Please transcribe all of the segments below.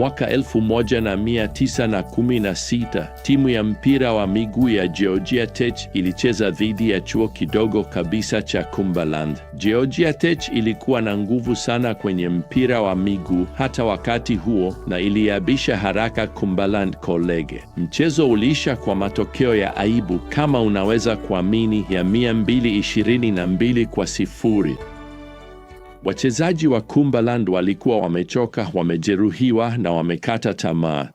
Mwaka 1916 timu ya mpira wa miguu ya Georgia Tech ilicheza dhidi ya chuo kidogo kabisa cha Cumberland. Georgia Tech ilikuwa na nguvu sana kwenye mpira wa miguu hata wakati huo, na iliabisha haraka Cumberland College. Mchezo uliisha kwa matokeo ya aibu, kama unaweza kuamini, ya 222 kwa sifuri. Wachezaji wa Cumberland walikuwa wamechoka, wamejeruhiwa na wamekata tamaa.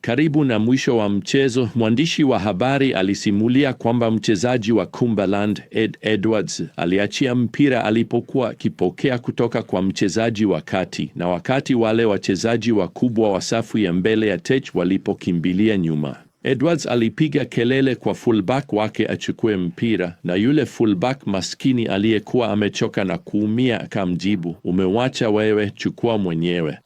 Karibu na mwisho wa mchezo, mwandishi wa habari alisimulia kwamba mchezaji wa Cumberland Ed Edwards aliachia mpira alipokuwa akipokea kutoka kwa mchezaji wa kati, na wakati wale wachezaji wakubwa wa safu ya mbele ya Tech walipokimbilia nyuma Edwards alipiga kelele kwa fullback wake achukue mpira, na yule fullback maskini aliyekuwa amechoka na kuumia akamjibu, umewacha wewe, chukua mwenyewe.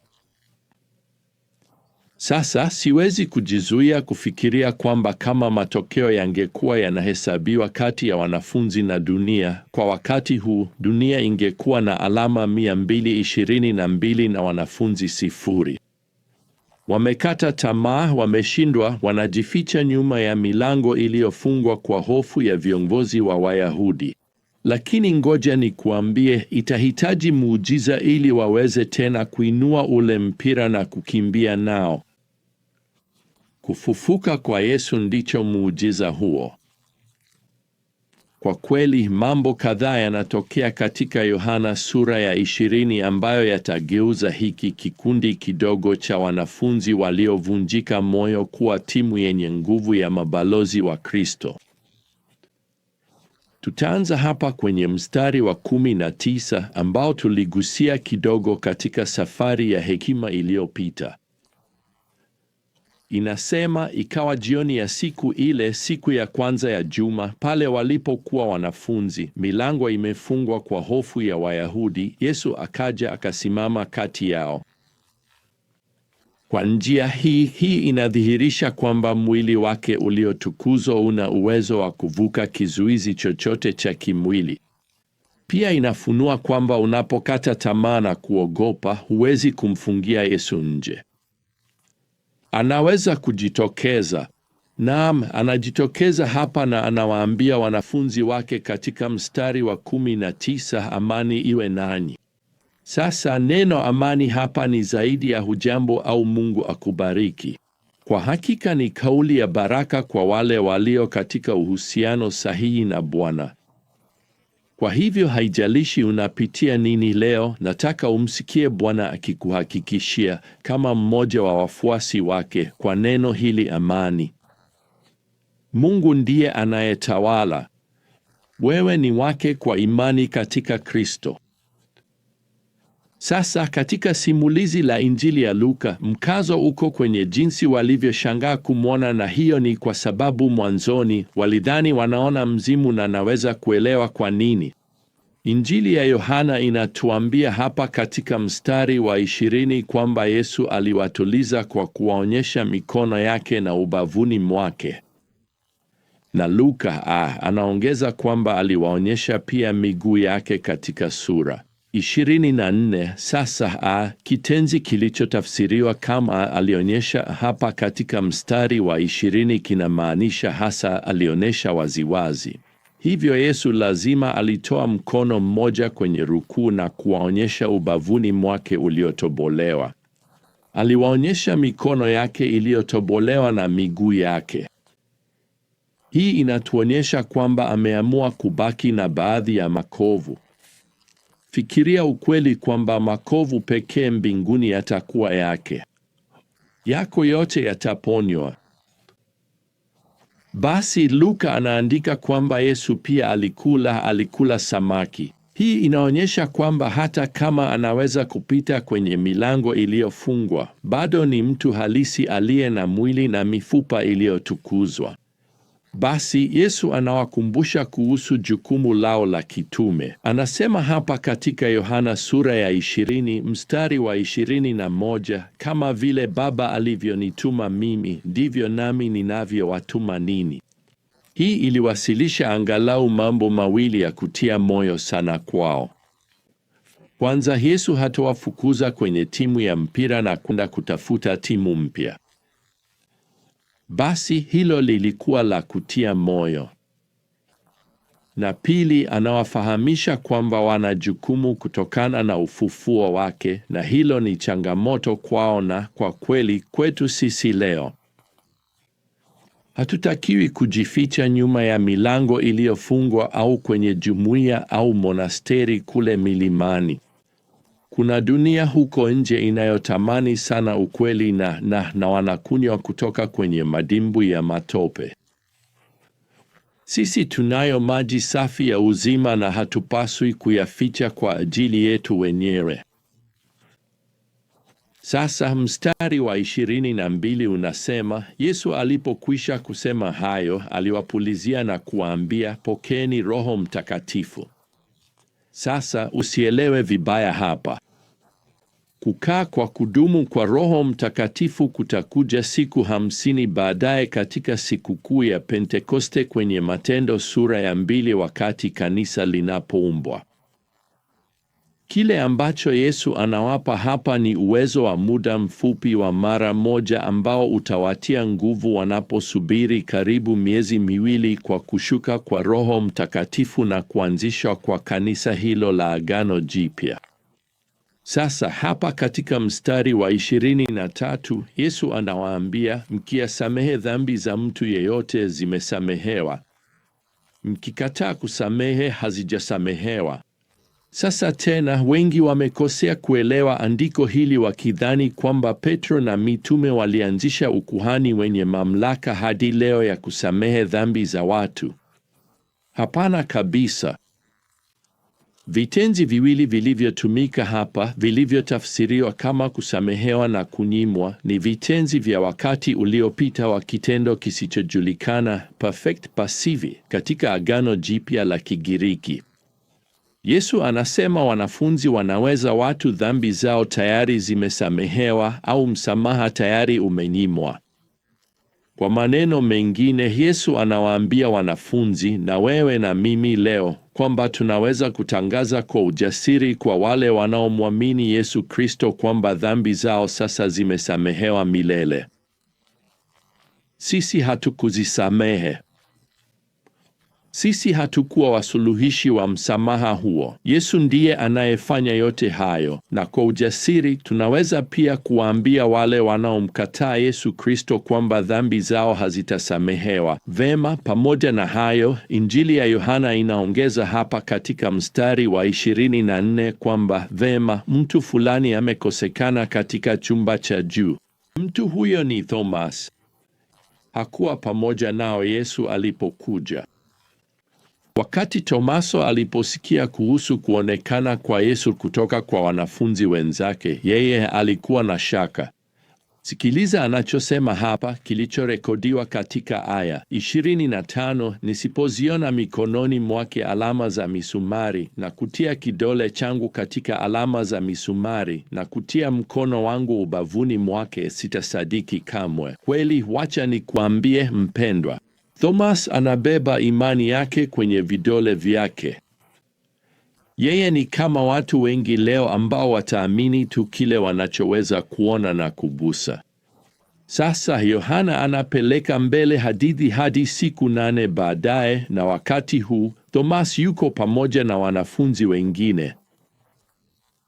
Sasa siwezi kujizuia kufikiria kwamba kama matokeo yangekuwa yanahesabiwa kati ya wanafunzi na dunia kwa wakati huu, dunia ingekuwa na alama 222 na wanafunzi sifuri. Wamekata tamaa, wameshindwa, wanajificha nyuma ya milango iliyofungwa kwa hofu ya viongozi wa Wayahudi. Lakini ngoja nikuambie, itahitaji muujiza ili waweze tena kuinua ule mpira na kukimbia nao. Kufufuka kwa Yesu ndicho muujiza huo. Kwa kweli mambo kadhaa yanatokea katika Yohana sura ya ishirini ambayo yatageuza hiki kikundi kidogo cha wanafunzi waliovunjika moyo kuwa timu yenye nguvu ya mabalozi wa Kristo. Tutaanza hapa kwenye mstari wa kumi na tisa ambao tuligusia kidogo katika safari ya hekima iliyopita inasema ikawa jioni ya siku ile, siku ya kwanza ya juma, pale walipokuwa wanafunzi, milango imefungwa kwa hofu ya Wayahudi, Yesu akaja akasimama kati yao. Kwa njia hii hii inadhihirisha kwamba mwili wake uliotukuzwa una uwezo wa kuvuka kizuizi chochote cha kimwili. Pia inafunua kwamba unapokata tamaa na kuogopa, huwezi kumfungia Yesu nje anaweza kujitokeza. Naam, anajitokeza hapa na anawaambia wanafunzi wake katika mstari wa kumi na tisa, amani iwe nanyi. Sasa neno amani hapa ni zaidi ya hujambo au Mungu akubariki. Kwa hakika ni kauli ya baraka kwa wale walio katika uhusiano sahihi na Bwana. Kwa hivyo haijalishi unapitia nini leo, nataka umsikie Bwana akikuhakikishia kama mmoja wa wafuasi wake kwa neno hili amani. Mungu ndiye anayetawala. Wewe ni wake kwa imani katika Kristo. Sasa katika simulizi la Injili ya Luka, mkazo uko kwenye jinsi walivyoshangaa kumwona, na hiyo ni kwa sababu mwanzoni walidhani wanaona mzimu na naweza kuelewa kwa nini. Injili ya Yohana inatuambia hapa katika mstari wa ishirini kwamba Yesu aliwatuliza kwa kuwaonyesha mikono yake na ubavuni mwake. Na Luka ah, anaongeza kwamba aliwaonyesha pia miguu yake katika sura 24 Sasa a, kitenzi kilichotafsiriwa kama alionyesha hapa katika mstari wa ishirini kinamaanisha hasa alionyesha waziwazi. Hivyo Yesu lazima alitoa mkono mmoja kwenye rukuu na kuwaonyesha ubavuni mwake uliotobolewa. Aliwaonyesha mikono yake iliyotobolewa na miguu yake. Hii inatuonyesha kwamba ameamua kubaki na baadhi ya makovu Fikiria ukweli kwamba makovu pekee mbinguni yatakuwa yake, yako yote yataponywa. Basi Luka anaandika kwamba Yesu pia alikula alikula samaki. Hii inaonyesha kwamba hata kama anaweza kupita kwenye milango iliyofungwa, bado ni mtu halisi aliye na mwili na mifupa iliyotukuzwa. Basi Yesu anawakumbusha kuhusu jukumu lao la kitume. Anasema hapa katika Yohana sura ya ishirini mstari wa ishirini na moja kama vile Baba alivyonituma mimi, ndivyo nami ninavyowatuma ninyi. Hii iliwasilisha angalau mambo mawili ya kutia moyo sana kwao. Kwanza, Yesu hatowafukuza kwenye timu ya mpira na kwenda kutafuta timu mpya. Basi hilo lilikuwa la kutia moyo. Na pili, anawafahamisha kwamba wana jukumu kutokana na ufufuo wake, na hilo ni changamoto kwao na kwa kweli kwetu sisi leo. Hatutakiwi kujificha nyuma ya milango iliyofungwa au kwenye jumuiya au monasteri kule milimani. Kuna dunia huko nje inayotamani sana ukweli na na na wanakunywa kutoka kwenye madimbu ya matope. Sisi tunayo maji safi ya uzima na hatupaswi kuyaficha kwa ajili yetu wenyewe. Sasa mstari wa ishirini na mbili unasema, Yesu alipokwisha kusema hayo, aliwapulizia na kuwaambia, pokeeni Roho Mtakatifu. Sasa usielewe vibaya hapa. Kukaa kwa kudumu kwa Roho Mtakatifu kutakuja siku hamsini baadaye katika sikukuu ya Pentekoste kwenye Matendo sura ya mbili wakati kanisa linapoumbwa. Kile ambacho Yesu anawapa hapa ni uwezo wa muda mfupi wa mara moja ambao utawatia nguvu wanaposubiri karibu miezi miwili kwa kushuka kwa Roho Mtakatifu na kuanzishwa kwa kanisa hilo la Agano Jipya. Sasa hapa katika mstari wa ishirini na tatu Yesu anawaambia, mkiasamehe dhambi za mtu yeyote zimesamehewa, mkikataa kusamehe hazijasamehewa. Sasa tena wengi wamekosea kuelewa andiko hili wakidhani kwamba Petro na mitume walianzisha ukuhani wenye mamlaka hadi leo ya kusamehe dhambi za watu. Hapana kabisa. Vitenzi viwili vilivyotumika hapa, vilivyotafsiriwa kama kusamehewa na kunyimwa, ni vitenzi vya wakati uliopita wa kitendo kisichojulikana perfect katika Agano Jipya la Kigiriki. Yesu anasema wanafunzi wanaweza watu dhambi zao tayari zimesamehewa au msamaha tayari umenyimwa. Kwa maneno mengine, Yesu anawaambia wanafunzi na wewe na mimi leo kwamba tunaweza kutangaza kwa ujasiri kwa wale wanaomwamini Yesu Kristo kwamba dhambi zao sasa zimesamehewa milele. Sisi hatukuzisamehe. Sisi hatukuwa wasuluhishi wa msamaha huo. Yesu ndiye anayefanya yote hayo, na kwa ujasiri tunaweza pia kuwaambia wale wanaomkataa Yesu Kristo kwamba dhambi zao hazitasamehewa. Vema, pamoja na hayo, Injili ya Yohana inaongeza hapa katika mstari wa 24 kwamba vema, mtu fulani amekosekana katika chumba cha juu. Mtu huyo ni Thomas. Hakuwa pamoja nao Yesu alipokuja. Wakati Tomaso aliposikia kuhusu kuonekana kwa Yesu kutoka kwa wanafunzi wenzake, yeye alikuwa na shaka. Sikiliza anachosema hapa kilichorekodiwa katika aya 25: nisipoziona mikononi mwake alama za misumari na kutia kidole changu katika alama za misumari na kutia mkono wangu ubavuni mwake, sitasadiki kamwe. Kweli, wacha nikuambie mpendwa Thomas anabeba imani yake kwenye vidole vyake. Yeye ni kama watu wengi leo ambao wataamini tu kile wanachoweza kuona na kugusa. Sasa Yohana anapeleka mbele hadithi hadi siku nane baadaye, na wakati huu Thomas yuko pamoja na wanafunzi wengine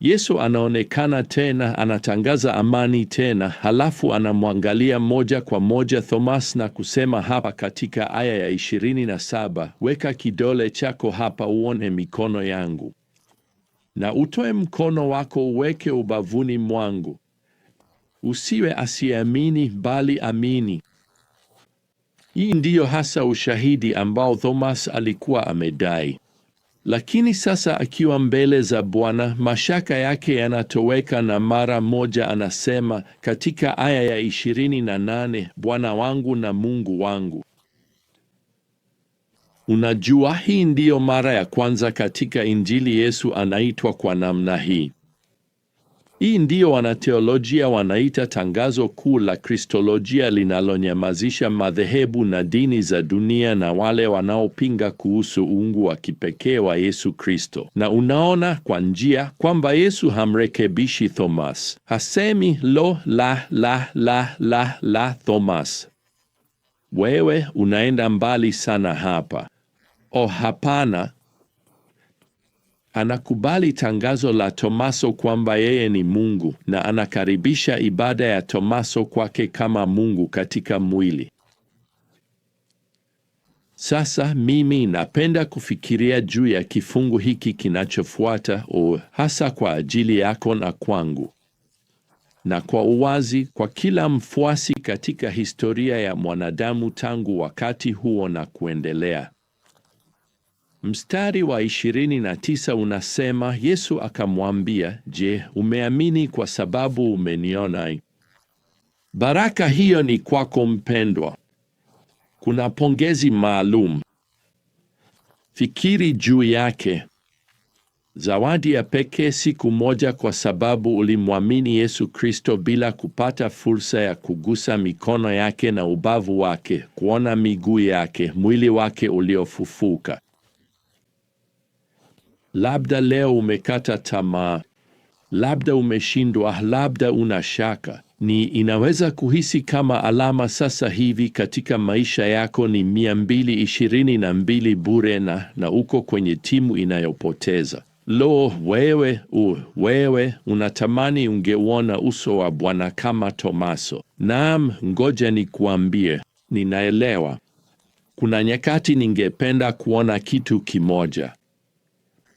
Yesu anaonekana tena, anatangaza amani tena, halafu anamwangalia moja kwa moja Thomas na kusema hapa katika aya ya 27, weka kidole chako hapa uone mikono yangu, na utoe mkono wako uweke ubavuni mwangu, usiwe asiamini bali amini. Hii ndiyo hasa ushahidi ambao Thomas alikuwa amedai. Lakini sasa akiwa mbele za Bwana, mashaka yake yanatoweka, na mara moja anasema katika aya ya 28, Bwana wangu na Mungu wangu. Unajua, hii ndiyo mara ya kwanza katika Injili Yesu anaitwa kwa namna hii. Hii ndiyo wanateolojia wanaita tangazo kuu la Kristolojia linalonyamazisha madhehebu na dini za dunia na wale wanaopinga kuhusu uungu wa kipekee wa Yesu Kristo. Na unaona kwa njia kwamba Yesu hamrekebishi Thomas. Hasemi lo la la la la la Thomas, wewe unaenda mbali sana hapa. Oh, hapana, Anakubali tangazo la Tomaso kwamba yeye ni Mungu na anakaribisha ibada ya Tomaso kwake kama Mungu katika mwili. Sasa mimi napenda kufikiria juu ya kifungu hiki kinachofuata o, hasa kwa ajili yako na kwangu, na kwa uwazi kwa kila mfuasi katika historia ya mwanadamu tangu wakati huo na kuendelea. Mstari wa 29 unasema, Yesu akamwambia, Je, umeamini kwa sababu umeniona? Baraka hiyo ni kwako mpendwa. Kuna pongezi maalum. Fikiri juu yake. Zawadi ya pekee siku moja kwa sababu ulimwamini Yesu Kristo bila kupata fursa ya kugusa mikono yake na ubavu wake, kuona miguu yake, mwili wake uliofufuka. Labda leo umekata tamaa, labda umeshindwa, labda una shaka. Ni inaweza kuhisi kama alama sasa hivi katika maisha yako ni 222 bure na na uko kwenye timu inayopoteza. Lo, wewe u wewe unatamani ungeuona uso wa Bwana kama Tomaso. Naam, ngoja nikuambie, ninaelewa. Kuna nyakati ningependa kuona kitu kimoja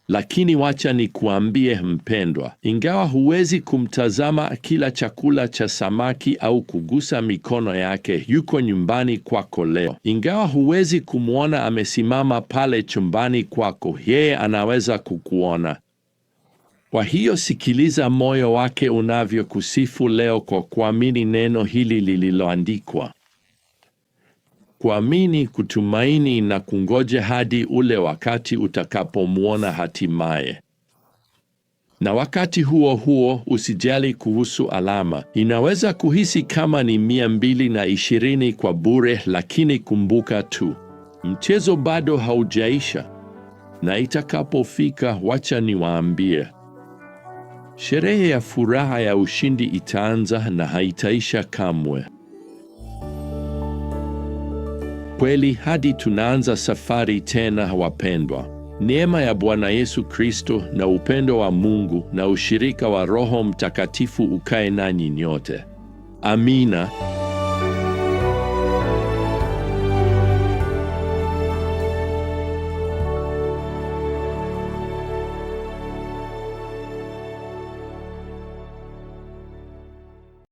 lakini wacha nikuambie mpendwa, ingawa huwezi kumtazama kila chakula cha samaki au kugusa mikono yake, yuko nyumbani kwako leo. Ingawa huwezi kumwona amesimama pale chumbani kwako, yeye anaweza kukuona. Kwa hiyo sikiliza moyo wake unavyokusifu leo kwa kuamini neno hili lililoandikwa kuamini, kutumaini na kungoja hadi ule wakati utakapomwona hatimaye. Na wakati huo huo usijali kuhusu alama. Inaweza kuhisi kama ni mia mbili na ishirini kwa bure, lakini kumbuka tu mchezo bado haujaisha, na itakapofika, wacha niwaambie, sherehe ya furaha ya ushindi itaanza na haitaisha kamwe kweli hadi tunaanza safari tena, wapendwa. Neema ya Bwana Yesu Kristo na upendo wa Mungu na ushirika wa Roho Mtakatifu ukae nanyi nyote. Amina.